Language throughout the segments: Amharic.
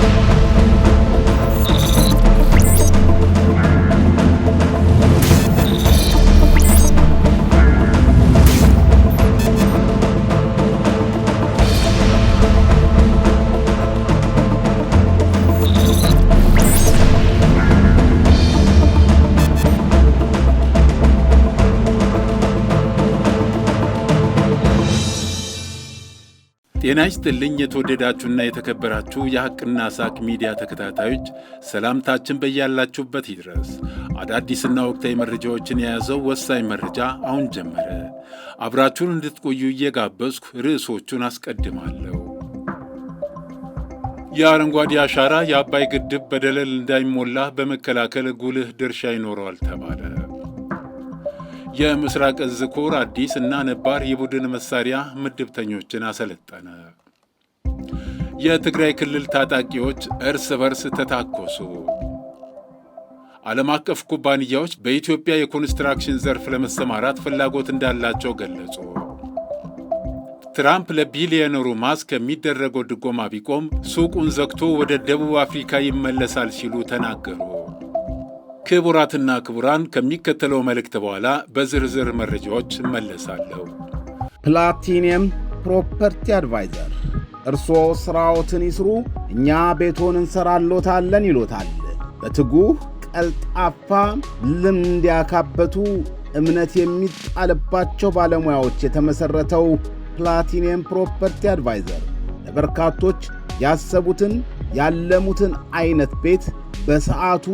Thank you. ጤና ይስጥልኝ የተወደዳችሁና የተከበራችሁ የሐቅና ሳቅ ሚዲያ ተከታታዮች ሰላምታችን በያላችሁበት ይድረስ። አዳዲስና ወቅታዊ መረጃዎችን የያዘው ወሳኝ መረጃ አሁን ጀመረ። አብራችሁን እንድትቆዩ እየጋበዝኩ ርዕሶቹን አስቀድማለሁ። የአረንጓዴ አሻራ የአባይ ግድብ በደለል እንዳይሞላ በመከላከል ጉልህ ድርሻ ይኖረዋል ተባለ። የምስራቅ እዝ ኮር አዲስ እና ነባር የቡድን መሳሪያ ምድብተኞችን አሰለጠነ። የትግራይ ክልል ታጣቂዎች እርስ በርስ ተታኮሱ። ዓለም አቀፍ ኩባንያዎች በኢትዮጵያ የኮንስትራክሽን ዘርፍ ለመሰማራት ፍላጎት እንዳላቸው ገለጹ። ትራምፕ ለቢሊዮነሩ ማስክ የሚደረገው ድጎማ ቢቆም ሱቁን ዘግቶ ወደ ደቡብ አፍሪካ ይመለሳል ሲሉ ተናገሩ። ክቡራትና ክቡራን ከሚከተለው መልእክት በኋላ በዝርዝር መረጃዎች እመለሳለሁ። ፕላቲኒየም ፕሮፐርቲ አድቫይዘር እርስዎ ሥራዎትን ይስሩ፣ እኛ ቤቶን እንሰራሎታለን ይሎታል። በትጉህ ቀልጣፋ፣ ልምድ ያካበቱ፣ እምነት የሚጣልባቸው ባለሙያዎች የተመሠረተው ፕላቲኒየም ፕሮፐርቲ አድቫይዘር ለበርካቶች ያሰቡትን ያለሙትን አይነት ቤት በሰዓቱ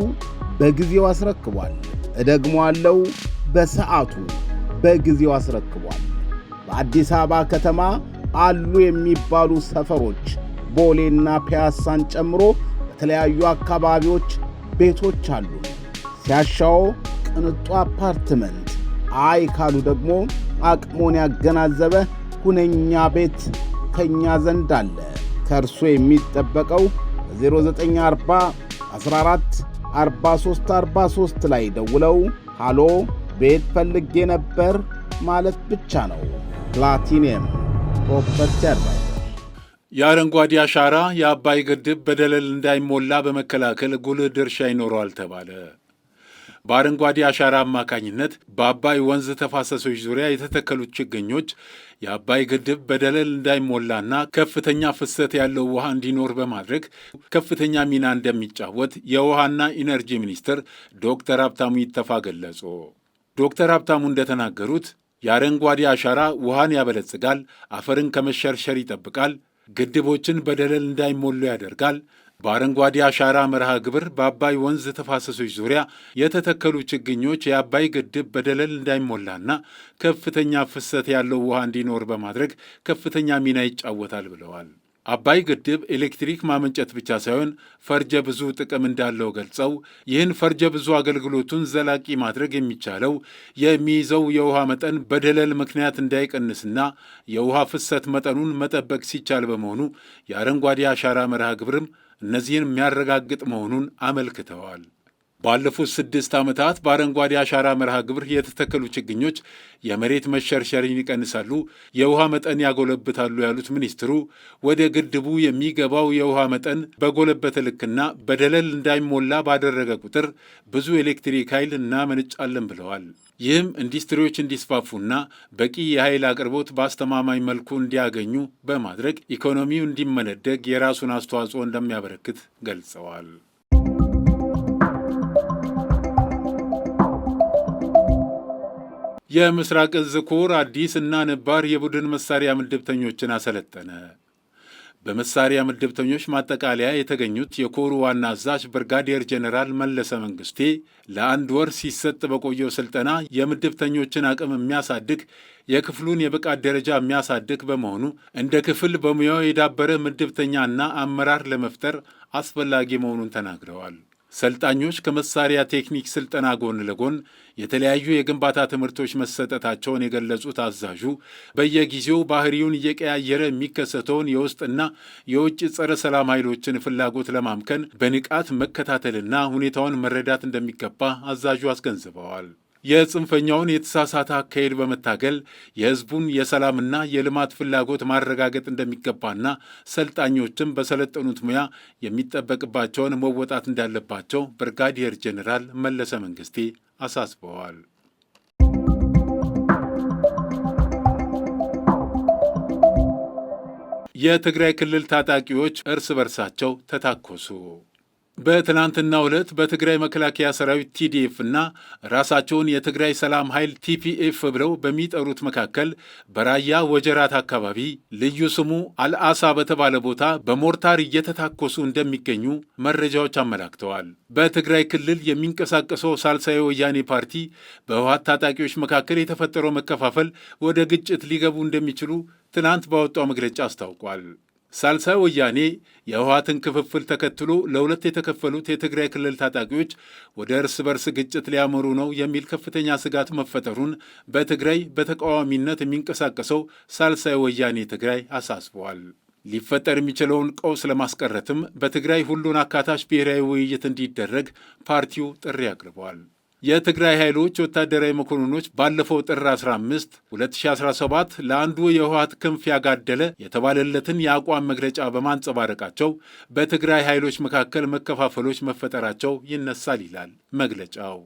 በጊዜው አስረክቧል። እደግመዋለሁ፣ በሰዓቱ በጊዜው አስረክቧል። በአዲስ አበባ ከተማ አሉ የሚባሉ ሰፈሮች ቦሌና ፒያሳን ጨምሮ በተለያዩ አካባቢዎች ቤቶች አሉ። ሲያሻው ቅንጡ አፓርትመንት፣ አይ ካሉ ደግሞ አቅሞን ያገናዘበ ሁነኛ ቤት ከኛ ዘንድ አለ። ከእርሶ የሚጠበቀው በ0940 14 4343 ላይ ደውለው ሃሎ ቤት ፈልጌ ነበር ማለት ብቻ ነው። ፕላቲኒየም ፕሮፐርቲ አድቫይዘር። የአረንጓዴ አሻራ የአባይ ግድብ በደለል እንዳይሞላ በመከላከል ጉልህ ድርሻ ይኖረዋል ተባለ። በአረንጓዴ አሻራ አማካኝነት በአባይ ወንዝ ተፋሰሶች ዙሪያ የተተከሉት ችግኞች የአባይ ግድብ በደለል እንዳይሞላና ከፍተኛ ፍሰት ያለው ውሃ እንዲኖር በማድረግ ከፍተኛ ሚና እንደሚጫወት የውሃና ኢነርጂ ሚኒስትር ዶክተር ሀብታሙ ይተፋ ገለጹ። ዶክተር ሀብታሙ እንደተናገሩት የአረንጓዴ አሻራ ውሃን ያበለጽጋል፣ አፈርን ከመሸርሸር ይጠብቃል፣ ግድቦችን በደለል እንዳይሞሉ ያደርጋል፣ በአረንጓዴ አሻራ መርሃ ግብር በአባይ ወንዝ ተፋሰሶች ዙሪያ የተተከሉ ችግኞች የአባይ ግድብ በደለል እንዳይሞላና ከፍተኛ ፍሰት ያለው ውሃ እንዲኖር በማድረግ ከፍተኛ ሚና ይጫወታል ብለዋል። አባይ ግድብ ኤሌክትሪክ ማመንጨት ብቻ ሳይሆን ፈርጀ ብዙ ጥቅም እንዳለው ገልጸው ይህን ፈርጀ ብዙ አገልግሎቱን ዘላቂ ማድረግ የሚቻለው የሚይዘው የውሃ መጠን በደለል ምክንያት እንዳይቀንስና የውሃ ፍሰት መጠኑን መጠበቅ ሲቻል በመሆኑ የአረንጓዴ አሻራ መርሃ ግብርም እነዚህን የሚያረጋግጥ መሆኑን አመልክተዋል። ባለፉት ስድስት ዓመታት በአረንጓዴ አሻራ መርሃ ግብር የተተከሉ ችግኞች የመሬት መሸርሸርን ይቀንሳሉ፣ የውሃ መጠን ያጎለብታሉ ያሉት ሚኒስትሩ ወደ ግድቡ የሚገባው የውሃ መጠን በጎለበተ ልክና በደለል እንዳይሞላ ባደረገ ቁጥር ብዙ ኤሌክትሪክ ኃይል እናመነጫለን ብለዋል። ይህም ኢንዱስትሪዎች እንዲስፋፉና በቂ የኃይል አቅርቦት በአስተማማኝ መልኩ እንዲያገኙ በማድረግ ኢኮኖሚው እንዲመነደግ የራሱን አስተዋጽኦ እንደሚያበረክት ገልጸዋል። የምስራቅ እዝ ኮር አዲስ እና ነባር የቡድን መሳሪያ ምድብተኞችን አሰለጠነ። በመሳሪያ ምድብተኞች ማጠቃለያ የተገኙት የኮሩ ዋና አዛዥ ብርጋዴር ጀኔራል መለሰ መንግስቴ ለአንድ ወር ሲሰጥ በቆየው ስልጠና የምድብተኞችን አቅም የሚያሳድግ የክፍሉን የብቃት ደረጃ የሚያሳድግ በመሆኑ እንደ ክፍል በሙያው የዳበረ ምድብተኛና አመራር ለመፍጠር አስፈላጊ መሆኑን ተናግረዋል። ሰልጣኞች ከመሳሪያ ቴክኒክ ስልጠና ጎን ለጎን የተለያዩ የግንባታ ትምህርቶች መሰጠታቸውን የገለጹት አዛዡ በየጊዜው ባህሪውን እየቀያየረ የሚከሰተውን የውስጥና የውጭ ጸረ ሰላም ኃይሎችን ፍላጎት ለማምከን በንቃት መከታተልና ሁኔታውን መረዳት እንደሚገባ አዛዡ አስገንዝበዋል። የጽንፈኛውን የተሳሳተ አካሄድ በመታገል የህዝቡን የሰላምና የልማት ፍላጎት ማረጋገጥ እንደሚገባና ሰልጣኞችም በሰለጠኑት ሙያ የሚጠበቅባቸውን መወጣት እንዳለባቸው ብርጋዲየር ጄኔራል መለሰ መንግስቴ አሳስበዋል። የትግራይ ክልል ታጣቂዎች እርስ በርሳቸው ተታኮሱ። በትናንትናው ዕለት በትግራይ መከላከያ ሰራዊት ቲዲኤፍ እና ራሳቸውን የትግራይ ሰላም ኃይል ቲፒኤፍ ብለው በሚጠሩት መካከል በራያ ወጀራት አካባቢ ልዩ ስሙ አልአሳ በተባለ ቦታ በሞርታር እየተታኮሱ እንደሚገኙ መረጃዎች አመላክተዋል። በትግራይ ክልል የሚንቀሳቀሰው ሳልሳዊ ወያኔ ፓርቲ በህወሓት ታጣቂዎች መካከል የተፈጠረው መከፋፈል ወደ ግጭት ሊገቡ እንደሚችሉ ትናንት ባወጣው መግለጫ አስታውቋል። ሳልሳይ ወያኔ የህወሓትን ክፍፍል ተከትሎ ለሁለት የተከፈሉት የትግራይ ክልል ታጣቂዎች ወደ እርስ በርስ ግጭት ሊያመሩ ነው የሚል ከፍተኛ ስጋት መፈጠሩን በትግራይ በተቃዋሚነት የሚንቀሳቀሰው ሳልሳይ ወያኔ ትግራይ አሳስበዋል። ሊፈጠር የሚችለውን ቀውስ ለማስቀረትም በትግራይ ሁሉን አካታች ብሔራዊ ውይይት እንዲደረግ ፓርቲው ጥሪ አቅርበዋል። የትግራይ ኃይሎች ወታደራዊ መኮንኖች ባለፈው ጥር 15 2017 ለአንዱ የህወሀት ክንፍ ያጋደለ የተባለለትን የአቋም መግለጫ በማንጸባረቃቸው በትግራይ ኃይሎች መካከል መከፋፈሎች መፈጠራቸው ይነሳል ይላል መግለጫው።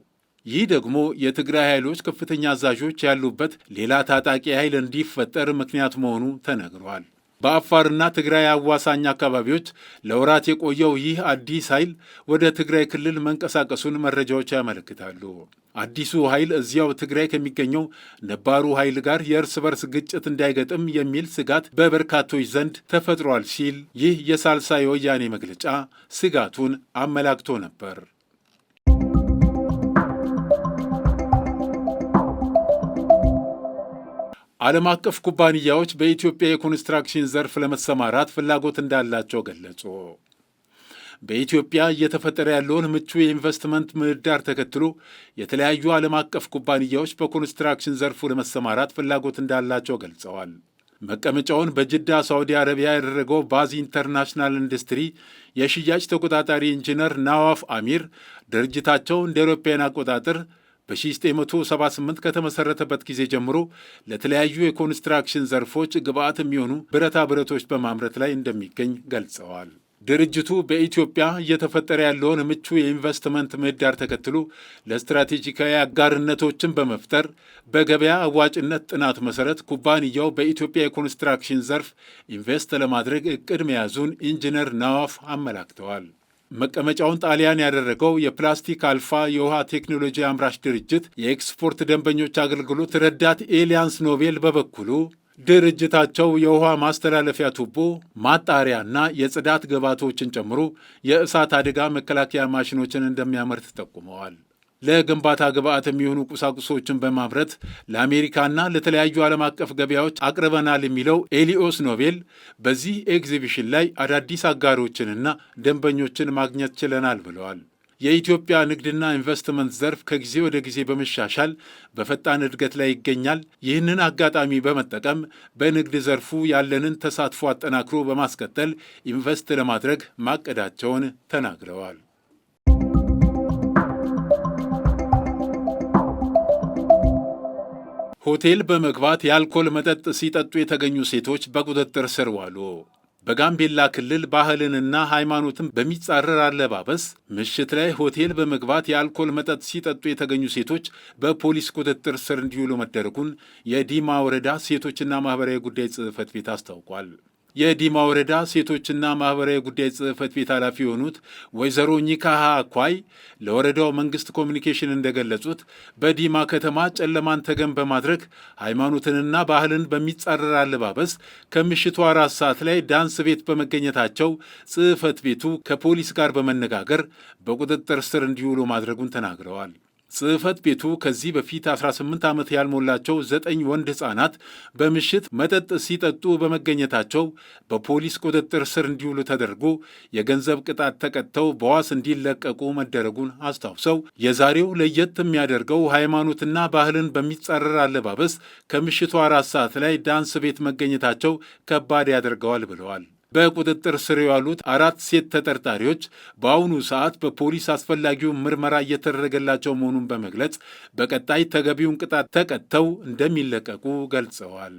ይህ ደግሞ የትግራይ ኃይሎች ከፍተኛ አዛዦች ያሉበት ሌላ ታጣቂ ኃይል እንዲፈጠር ምክንያት መሆኑ ተነግሯል። በአፋርና ትግራይ አዋሳኝ አካባቢዎች ለወራት የቆየው ይህ አዲስ ኃይል ወደ ትግራይ ክልል መንቀሳቀሱን መረጃዎች ያመለክታሉ። አዲሱ ኃይል እዚያው ትግራይ ከሚገኘው ነባሩ ኃይል ጋር የእርስ በርስ ግጭት እንዳይገጥም የሚል ስጋት በበርካቶች ዘንድ ተፈጥሯል ሲል ይህ የሳልሳይ ወያኔ መግለጫ ስጋቱን አመላክቶ ነበር። ዓለም አቀፍ ኩባንያዎች በኢትዮጵያ የኮንስትራክሽን ዘርፍ ለመሰማራት ፍላጎት እንዳላቸው ገለጹ። በኢትዮጵያ እየተፈጠረ ያለውን ምቹ የኢንቨስትመንት ምህዳር ተከትሎ የተለያዩ ዓለም አቀፍ ኩባንያዎች በኮንስትራክሽን ዘርፉ ለመሰማራት ፍላጎት እንዳላቸው ገልጸዋል። መቀመጫውን በጅዳ ሳዑዲ አረቢያ ያደረገው ባዝ ኢንተርናሽናል ኢንዱስትሪ የሽያጭ ተቆጣጣሪ ኢንጂነር ናዋፍ አሚር ድርጅታቸው እንደ አውሮፓውያን አቆጣጠር በ1978 ከተመሰረተበት ጊዜ ጀምሮ ለተለያዩ የኮንስትራክሽን ዘርፎች ግብአት የሚሆኑ ብረታ ብረቶች በማምረት ላይ እንደሚገኝ ገልጸዋል። ድርጅቱ በኢትዮጵያ እየተፈጠረ ያለውን ምቹ የኢንቨስትመንት ምህዳር ተከትሎ ለስትራቴጂካዊ አጋርነቶችን በመፍጠር በገበያ አዋጭነት ጥናት መሰረት ኩባንያው በኢትዮጵያ የኮንስትራክሽን ዘርፍ ኢንቨስት ለማድረግ እቅድ መያዙን ኢንጂነር ናዋፍ አመላክተዋል። መቀመጫውን ጣሊያን ያደረገው የፕላስቲክ አልፋ የውሃ ቴክኖሎጂ አምራች ድርጅት የኤክስፖርት ደንበኞች አገልግሎት ረዳት ኤሊያንስ ኖቤል በበኩሉ ድርጅታቸው የውሃ ማስተላለፊያ ቱቦ ማጣሪያና የጽዳት ግብዓቶችን ጨምሮ የእሳት አደጋ መከላከያ ማሽኖችን እንደሚያመርት ጠቁመዋል። ለግንባታ ግብአት የሚሆኑ ቁሳቁሶችን በማምረት ለአሜሪካና ለተለያዩ ዓለም አቀፍ ገበያዎች አቅርበናል የሚለው ኤሊኦስ ኖቤል በዚህ ኤግዚቢሽን ላይ አዳዲስ አጋሮችንና ደንበኞችን ማግኘት ችለናል ብለዋል። የኢትዮጵያ ንግድና ኢንቨስትመንት ዘርፍ ከጊዜ ወደ ጊዜ በመሻሻል በፈጣን እድገት ላይ ይገኛል። ይህንን አጋጣሚ በመጠቀም በንግድ ዘርፉ ያለንን ተሳትፎ አጠናክሮ በማስቀጠል ኢንቨስት ለማድረግ ማቀዳቸውን ተናግረዋል። ሆቴል በመግባት የአልኮል መጠጥ ሲጠጡ የተገኙ ሴቶች በቁጥጥር ስር ዋሉ። በጋምቤላ ክልል ባህልንና ሃይማኖትን በሚጻረር አለባበስ ምሽት ላይ ሆቴል በመግባት የአልኮል መጠጥ ሲጠጡ የተገኙ ሴቶች በፖሊስ ቁጥጥር ስር እንዲውሉ መደረጉን የዲማ ወረዳ ሴቶችና ማኅበራዊ ጉዳይ ጽሕፈት ቤት አስታውቋል። የዲማ ወረዳ ሴቶችና ማህበራዊ ጉዳይ ጽህፈት ቤት ኃላፊ የሆኑት ወይዘሮ ኒካሃ አኳይ ለወረዳው መንግስት ኮሚኒኬሽን እንደገለጹት በዲማ ከተማ ጨለማን ተገን በማድረግ ሃይማኖትንና ባህልን በሚጻረር አለባበስ ከምሽቱ አራት ሰዓት ላይ ዳንስ ቤት በመገኘታቸው ጽህፈት ቤቱ ከፖሊስ ጋር በመነጋገር በቁጥጥር ስር እንዲውሉ ማድረጉን ተናግረዋል። ጽህፈት ቤቱ ከዚህ በፊት 18 ዓመት ያልሞላቸው ዘጠኝ ወንድ ሕፃናት በምሽት መጠጥ ሲጠጡ በመገኘታቸው በፖሊስ ቁጥጥር ስር እንዲውሉ ተደርጎ የገንዘብ ቅጣት ተቀጥተው በዋስ እንዲለቀቁ መደረጉን አስታውሰው የዛሬው ለየት የሚያደርገው ሃይማኖትና ባህልን በሚጻረር አለባበስ ከምሽቱ አራት ሰዓት ላይ ዳንስ ቤት መገኘታቸው ከባድ ያደርገዋል ብለዋል። በቁጥጥር ስር የዋሉት አራት ሴት ተጠርጣሪዎች በአሁኑ ሰዓት በፖሊስ አስፈላጊውን ምርመራ እየተደረገላቸው መሆኑን በመግለጽ በቀጣይ ተገቢውን ቅጣት ተቀጥተው እንደሚለቀቁ ገልጸዋል።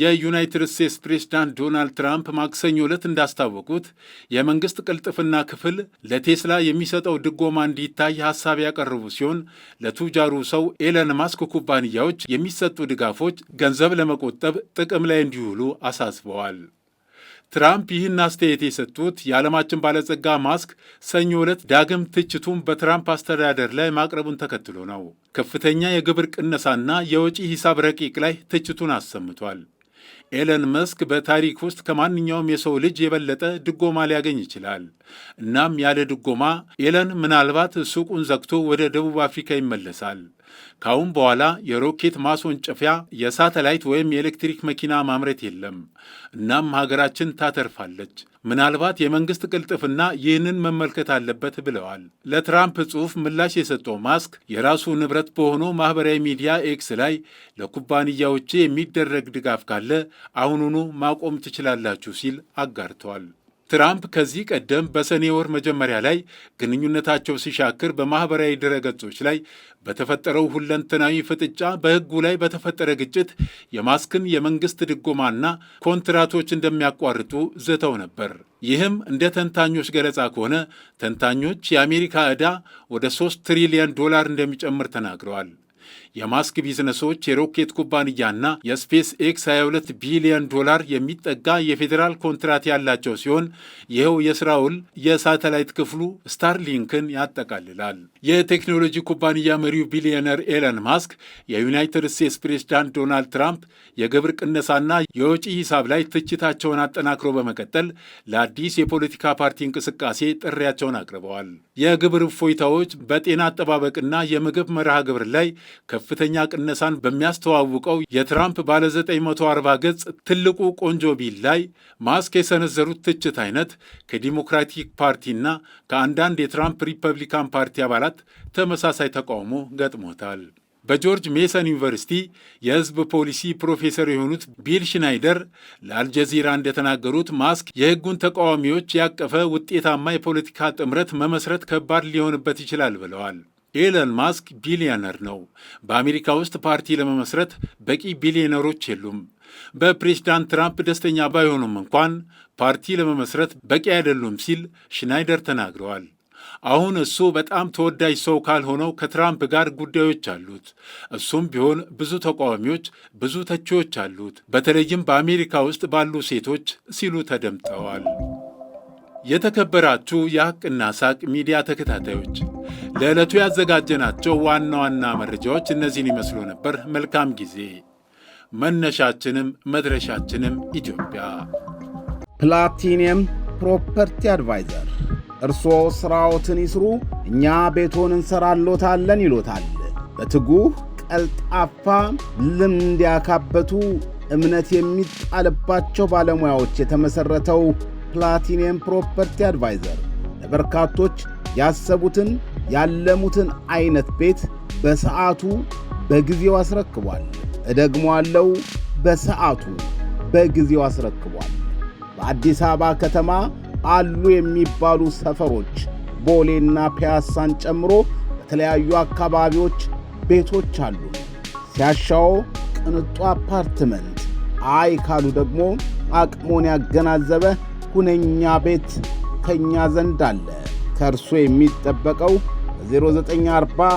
የዩናይትድ ስቴትስ ፕሬዝዳንት ዶናልድ ትራምፕ ማክሰኞ ዕለት እንዳስታወቁት የመንግሥት ቅልጥፍና ክፍል ለቴስላ የሚሰጠው ድጎማ እንዲታይ ሐሳብ ያቀረቡ ሲሆን ለቱጃሩ ሰው ኤለን ማስክ ኩባንያዎች የሚሰጡ ድጋፎች ገንዘብ ለመቆጠብ ጥቅም ላይ እንዲውሉ አሳስበዋል። ትራምፕ ይህን አስተያየት የሰጡት የዓለማችን ባለጸጋ ማስክ ሰኞ ዕለት ዳግም ትችቱን በትራምፕ አስተዳደር ላይ ማቅረቡን ተከትሎ ነው። ከፍተኛ የግብር ቅነሳና የወጪ ሂሳብ ረቂቅ ላይ ትችቱን አሰምቷል። ኤለን መስክ በታሪክ ውስጥ ከማንኛውም የሰው ልጅ የበለጠ ድጎማ ሊያገኝ ይችላል። እናም ያለ ድጎማ ኤለን ምናልባት ሱቁን ዘግቶ ወደ ደቡብ አፍሪካ ይመለሳል። ካሁን በኋላ የሮኬት ማስወንጨፊያ፣ የሳተላይት ወይም የኤሌክትሪክ መኪና ማምረት የለም። እናም ሀገራችን ታተርፋለች። ምናልባት የመንግስት ቅልጥፍና ይህንን መመልከት አለበት ብለዋል። ለትራምፕ ጽሑፍ ምላሽ የሰጠው ማስክ የራሱ ንብረት በሆነው ማኅበራዊ ሚዲያ ኤክስ ላይ ለኩባንያዎቼ የሚደረግ ድጋፍ ካለ አሁኑኑ ማቆም ትችላላችሁ ሲል አጋርተዋል። ትራምፕ ከዚህ ቀደም በሰኔ ወር መጀመሪያ ላይ ግንኙነታቸው ሲሻክር በማኅበራዊ ድረገጾች ላይ በተፈጠረው ሁለንተናዊ ፍጥጫ በሕጉ ላይ በተፈጠረ ግጭት የማስክን የመንግሥት ድጎማና ኮንትራቶች እንደሚያቋርጡ ዝተው ነበር። ይህም እንደ ተንታኞች ገለጻ ከሆነ ተንታኞች የአሜሪካ ዕዳ ወደ 3 ትሪሊየን ዶላር እንደሚጨምር ተናግረዋል። የማስክ ቢዝነሶች የሮኬት ኩባንያና የስፔስ ኤክስ 22 ቢሊዮን ዶላር የሚጠጋ የፌዴራል ኮንትራት ያላቸው ሲሆን ይኸው የስራ ውል የሳተላይት ክፍሉ ስታርሊንክን ያጠቃልላል። የቴክኖሎጂ ኩባንያ መሪው ቢሊዮነር ኤለን ማስክ የዩናይትድ ስቴትስ ፕሬዝዳንት ዶናልድ ትራምፕ የግብር ቅነሳና የወጪ ሂሳብ ላይ ትችታቸውን አጠናክሮ በመቀጠል ለአዲስ የፖለቲካ ፓርቲ እንቅስቃሴ ጥሪያቸውን አቅርበዋል። የግብር እፎይታዎች በጤና አጠባበቅና የምግብ መርሃ ግብር ላይ ከፍ ከፍተኛ ቅነሳን በሚያስተዋውቀው የትራምፕ ባለ 940 ገጽ ትልቁ ቆንጆ ቢል ላይ ማስክ የሰነዘሩት ትችት አይነት ከዲሞክራቲክ ፓርቲና ከአንዳንድ የትራምፕ ሪፐብሊካን ፓርቲ አባላት ተመሳሳይ ተቃውሞ ገጥሞታል። በጆርጅ ሜሰን ዩኒቨርሲቲ የሕዝብ ፖሊሲ ፕሮፌሰር የሆኑት ቢል ሽናይደር ለአልጀዚራ እንደተናገሩት ማስክ የሕጉን ተቃዋሚዎች ያቀፈ ውጤታማ የፖለቲካ ጥምረት መመስረት ከባድ ሊሆንበት ይችላል ብለዋል። ኤለን ማስክ ቢሊዮነር ነው። በአሜሪካ ውስጥ ፓርቲ ለመመስረት በቂ ቢሊዮነሮች የሉም። በፕሬዝዳንት ትራምፕ ደስተኛ ባይሆኑም እንኳን ፓርቲ ለመመስረት በቂ አይደሉም ሲል ሽናይደር ተናግረዋል። አሁን እሱ በጣም ተወዳጅ ሰው ካልሆነው ከትራምፕ ጋር ጉዳዮች አሉት። እሱም ቢሆን ብዙ ተቃዋሚዎች፣ ብዙ ተቺዎች አሉት፣ በተለይም በአሜሪካ ውስጥ ባሉ ሴቶች ሲሉ ተደምጠዋል። የተከበራችሁ የሐቅና ሳቅ ሚዲያ ተከታታዮች ለዕለቱ ያዘጋጀናቸው ዋና ዋና መረጃዎች እነዚህን ይመስሉ ነበር። መልካም ጊዜ። መነሻችንም መድረሻችንም ኢትዮጵያ። ፕላቲኒየም ፕሮፐርቲ አድቫይዘር እርስዎ ሥራዎትን ይስሩ፣ እኛ ቤቶን እንሰራሎታለን ይሎታል። በትጉህ ቀልጣፋ፣ ልምድ ያካበቱ፣ እምነት የሚጣልባቸው ባለሙያዎች የተመሠረተው ፕላቲኒየም ፕሮፐርቲ አድቫይዘር ለበርካቶች ያሰቡትን ያለሙትን አይነት ቤት በሰዓቱ በጊዜው አስረክቧል። እደግሞ አለው በሰዓቱ በጊዜው አስረክቧል። በአዲስ አበባ ከተማ አሉ የሚባሉ ሰፈሮች ቦሌና ፒያሳን ጨምሮ በተለያዩ አካባቢዎች ቤቶች አሉ። ሲያሻው ቅንጡ አፓርትመንት፣ አይ ካሉ ደግሞ አቅሞን ያገናዘበ ሁነኛ ቤት ከኛ ዘንድ አለ። ከእርሶ የሚጠበቀው 0940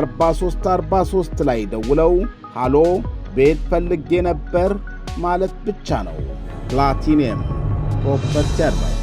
14 43 ላይ ደውለው ሃሎ ቤት ፈልጌ ነበር ማለት ብቻ ነው። ፕላቲኒየም ፕሮፐርቲ አድቫይስ